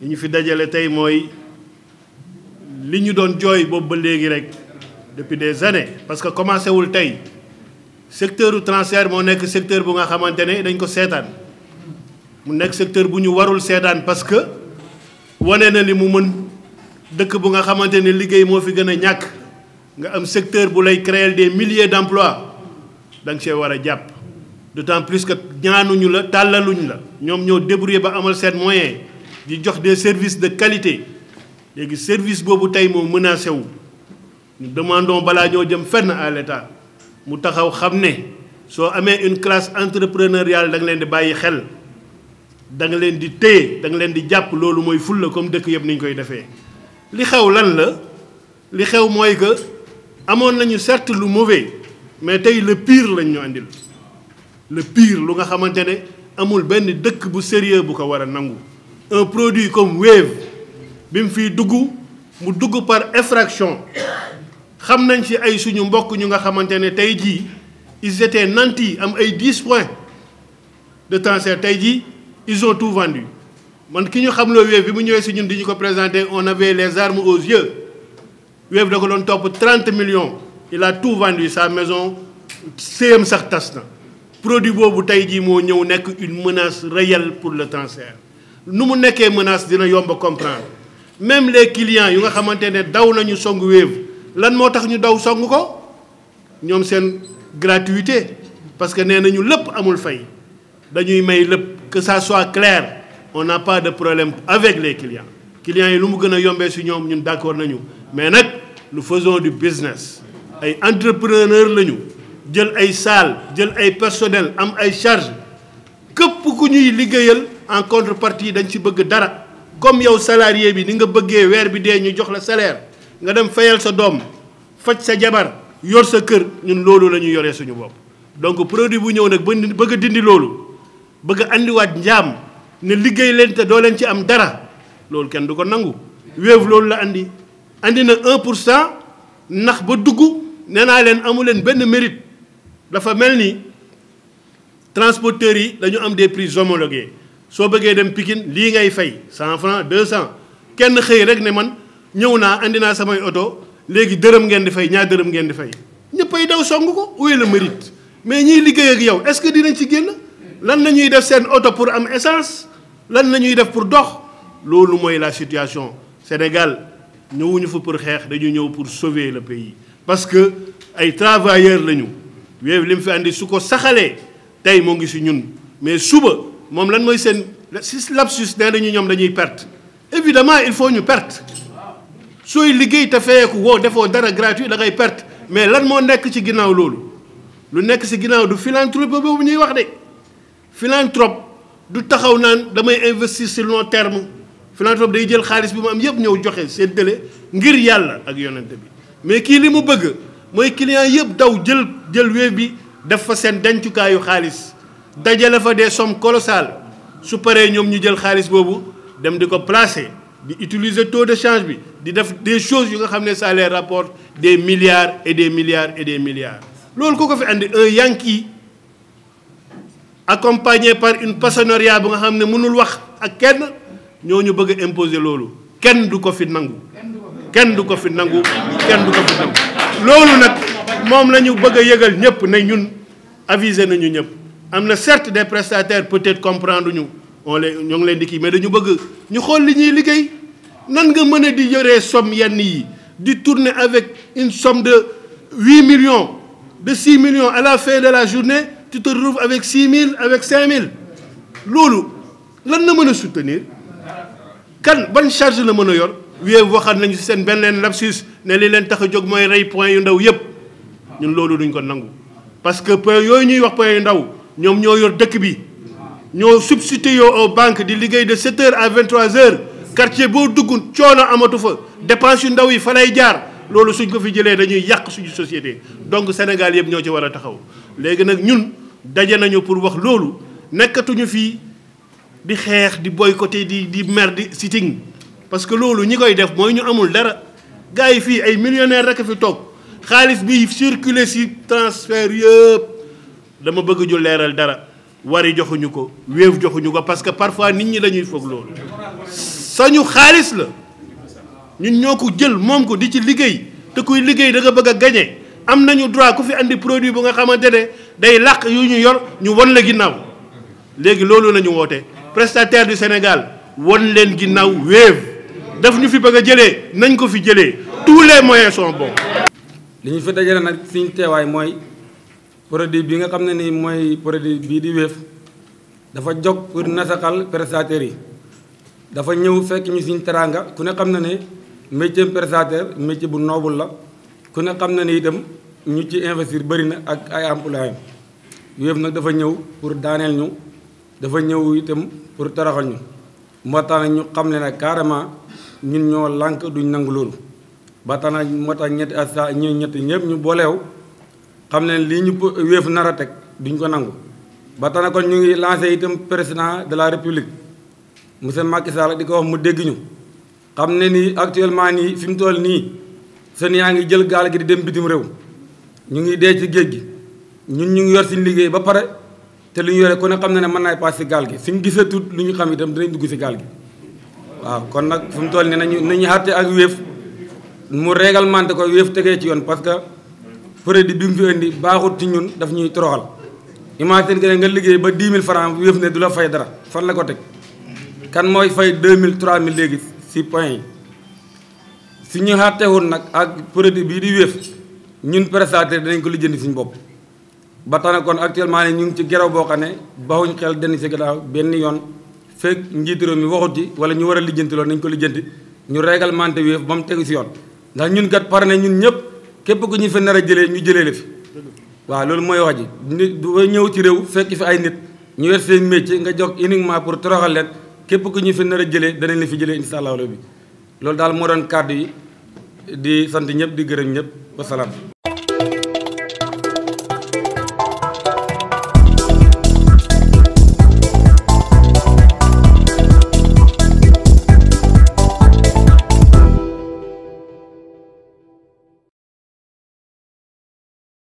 li ñu fi dajale tey mooy li ñu doon jooy boobu ba léegi rek depuis des années parce que commencé wul tey secteur u transfert moo nekk secteur bu nga xamante ne dañ ko seetaan mu nekk secteur bu ñu warul seetaan parce que wane na li mu mën dëkk bu nga xamante ne liggéey moo fi gën a ñàkk nga am secteur bu lay créel des milliers d'emplois da nga see war a jàpp d'autant plus que ñaanuñu la tàllaluñ la ñoom ñoo débrouillé ba amal seen moyen di jox des service de qualité léegi service boobu tey moo menacé wu ñu demandons balaa ñoo jëm fenn à l'État mu taxaw xam ne soo amee une classe entrepreneuriale da leen di bàyyi xel da nga leen di téye da leen di jàpp loolu mooy fulla comme dëkk yëpp ni ñu koy defee. li xew lan la li xew mooy que amoon nañu sert lu mauvais mais tey le piir lañ ñu andil le pire lu nga xamante ne amul benn dëkk bu sérieux bu ko war a nangu. un produit comme Wave bi mu fiy dugg mu dugg par infraction xam nañ ci ay suñu mbokk ñu nga xamante ne tey jii ils étaient nantis am ay 10 de temps tey jii. ils ont tout vendu man ki ñu xam loo Wave bi mu ñëwee si ñun di ñu ko présenté on avait les armes aux yeux Wave da ko doon topp 30 millions il a tout vendu sa maison séyam sax tas na produit boobu tey jii moo ñëw nekk une menace réelle pour le cancer nu mu nekkee menace dina yomb a comprendre même les clients yu nga xamante ne daw nañu song Wave lan moo tax ñu daw song ko ñoom seen gratuité parce que nee nañu lépp amul fay dañuy may lépp que ça soit clair on n'a pas de problème avec les clients clients yi lu mu gën a yombee si ñoom ñun d'accord nañu mais nag lu faisons du business ay entrepreneur lañu jël ay salle jël ay personnel am ay charge képp ku ñuy liggéeyal en contrepartie dañ ci bëgg dara comme yow salarié bi ni nga bëggee weer bi dee ñu jox la salaire nga dem fayal sa doom faj sa jabar yor sa kër ñun loolu la ñu yoree suñu bopp donc produit bu ñëw nag ba bëgg a dindi loolu bëgg a andiwaat njaam ne liggéey leen te doo leen ci am dara loolu kenn du ko nangu. Wave loolu la andi andi na 1 pour cent ndax ba dugg nee naa leen amu leen benn mérite dafa mel ni transporteurs yi dañu am des prix homologués soo bëggee dem Pikine lii ngay fay 100 francs 200 kenn xëy rek ne man ñëw naa indi naa samay oto léegi dërëm ngeen di fay ñaar dërëm ngeen di fay ñëppay daw song ko où est le mérite mais ñiy liggéey ak yow est-ce que dinañ ci génn. lan la ñuy def seen oto pour am essence lan la ñuy def pour dox loolu mooy la situation Sénégal ñëwuñu fa pour xeex dañu ñëw pour sauver le pays parce que ay travailleurs lañu Wave li mu fi andi su ko saxalee tey moo ngi si ñun mais suba moom lan mooy seen si lapsus nee nañu ñoom dañuy perte évidement il faut ñu perte sooy liggéey te feyeeku woo defoo dara gratuit da perte mais lan moo nekk ci ginnaaw loolu lu nekk si ginnaaw du philanthropie boobu ñuy wax de philanthrope du taxaw naan damay investir sur long terme philanthrope day jël xaalis bi mu am yëpp ñëw joxe seen télé ngir yàlla ak yonente bi mais kii li mu bëgg mooy client yëpp daw jël jël Wave bi def fa seen dencukaayu xaalis dajale fa des sommes colossales su paree ñoom ñu jël xaalis boobu dem di ko placer di utiliser taux de change bi di def des chose yu nga xam ne ça les rapporte des milliards et des milliards et des milliards loolu ku ko fi andi accompagné par une partenariat bu nga xam ne mënul wax ak kenn ñoo ñu bëgg a loolu kenn du ko fi nangu kenn du ko fi nangu loolu nag moom la ñu bëgg yëgal ñëpp ne ñun aviser nañu ñëpp am na certes de prestataires peut-être comprendre ñu on les ñoo ngi leen di kii mais dañu bëgg ñu xool li ñuy liggéey nan nga mën di yoree somme yenn yi di tourner avec une somme de huit million de six million à la fin de la journée tu te retrouves avec 6 000 avec 5 000 loolu lan la mën a soutenir kan ban charge la mën a yor Wave waxaat nañu si seen benn leen lapsus ne li leen tax a jóg mooy rey point yu ndaw yëpp ñun loolu duñ ko nangu parce que point yooyu ñuy wax point yu ndaw ñoom ñoo yor dëkk bi ñoo substitué yoo aux banque di liggéey de 7 heures à 23 heures quartier boo dugg coono amatu fa dépense yu ndaw yi fa lay jaar loolu suñ ko fi jëlee dañuy yàq suñu société donc Sénégal yëpp ñoo ci war a taxaw nag daje nañu pour wax loolu nekkatuñu fii di xeex di boy boycotté di di mer di sitting parce que loolu ñi koy def mooy ñu amul dara gars yi fii ay millionaire rek fi toog xaalis bi circuler ci transfert yëpp dama bëgg ju leeral dara wari joxuñu ko wéew joxuñu ko parce que parfois nit ñi dañuy foog loolu sañu xaalis la ñun ñoo ko jël moom ko di ci liggéey te kuy liggéey da bëgg a gañe am nañu droit ku fi indi produit bu nga xamante ne day làq yu ñu yor ñu won la ginnaaw léegi loolu la woote prestataire du Sénégal won leen ginnaaw Wave daf ñu fi bëgg a jëlee nañ ko fi jëlee tous les moyens sont bons. li ñu fi dajale nag suñu teewaay mooy produit bi nga xam ne nii mooy produit bii di Wave dafa jóg pour nasaxal prestataires yi dafa ñëw fekk ñu suñu teraanga ku ne xam na ne métier prestataire métier bu noble la ku ne xam na ni itam ñu ci investir bëri na ak ay employés yooyu nag dafa ñëw pour daaneel ñu dafa ñëw itam pour taraxal ñu moo tax ñu xam ne nag carrément ñun ñoo lànk duñ nangu loolu ba tax nag moo tax ñetti asa ñi ñëpp ñu booleew xam leen lii ñu wéef nar a teg duñu ko nangu ba tax kon ñu ngi lancé itam président de la république monsieur Macky Sall di ko wax mu dégg ñu xam ne ni actuellement nii fi mu toll nii seen yaa ngi jël gaal gi di dem bitim réew ñu ngi dee ci géej gi ñun ñu ngi yor suñu liggéey ba pare te lu ñu yore ku ne xam na ne mën naay paas si gaal gi suñu tout lu ñu xam itam dinañ dugg si gaal gi waaw kon nag fu mu toll nii nañu nañu àtte ak wéef mu réglementé ko wéef tegee ci yoon parce que produit bi mu fi indi baaxut ci ñun daf ñuy toroxal imagine que nga liggéey ba 10 000 francs wéef ne du la fay dara fan la ko teg kan mooy fay mille 2000 3000 léegi si point yi su ñu àttewoon nag ak produit bii di wéef ñun prestataire dinañ ko lijjanti suñu bopp ba tax na kon actuellement ni ñu ngi ci geraw boo xam ne bawuñ xel denn si gannaaw benn yoon fekk njiitu réew mi waxut ci wala ñu war a lijjanti loolu nañ ko lijjanti ñu réglementé wéef ba mu tegu si yoon ndax ñun kat pare na ñun ñëpp képp ku ñu fi nar a jëlee ñu jëlee la fi waaw loolu mooy wax ji nit du ñëw ci réew fekk fi ay nit ñu yor seen métier nga jox uniquement pour toroxal leen képp ku ñu fi nar a jëlee danañ la fi jëlee insha bi loolu daal moo doon kàddu yi di sant ñëpp di gërëm ñëpp wasalaam